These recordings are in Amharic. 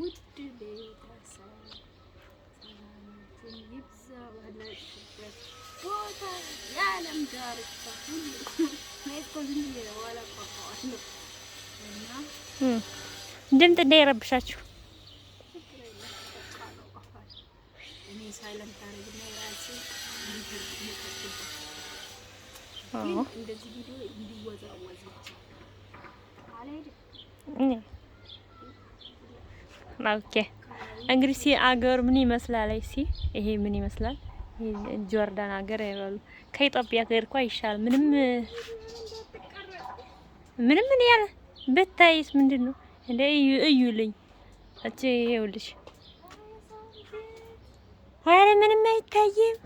ውድ ቤተሰብ ሰላማችን ይብዛ። ባላችሁበት ቦታ የዓለም ዳርቻ ሁሉ ድምፅ እንዳይረብሻችሁ እንደዚህ ቪዲዮ እንዲወዛወዝ ኦኬ እንግዲህ ሲ አገር ምን ይመስላል? ሲ ይሄ ምን ይመስላል? ጆርዳን ሀገር አይባሉ ከኢትዮጵያ ሀገር እኮ ይሻል። ምንም ምንም ምን ያለ ብታይስ ምንድን ነው እንደ እዩ እዩልኝ። እቺ ይኸውልሽ፣ ኧረ ምንም አይታይም።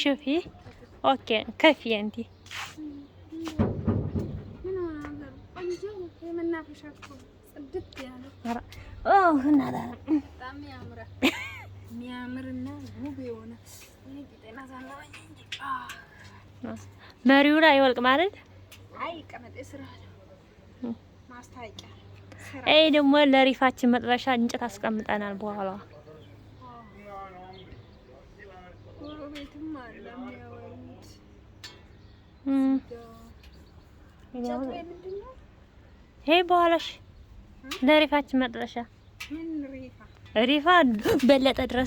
ሹፊ ኦኬ ከፊ አንቲ መሪው ላይ አይወልቅ ማለት ይህ ደግሞ ለሪፋችን መጥበሻ እንጨት አስቀምጠናል። በኋላ ይሄ በኋላሽ ለሪፋችን መጥረሻ ሪፋ በለጠ ድረስ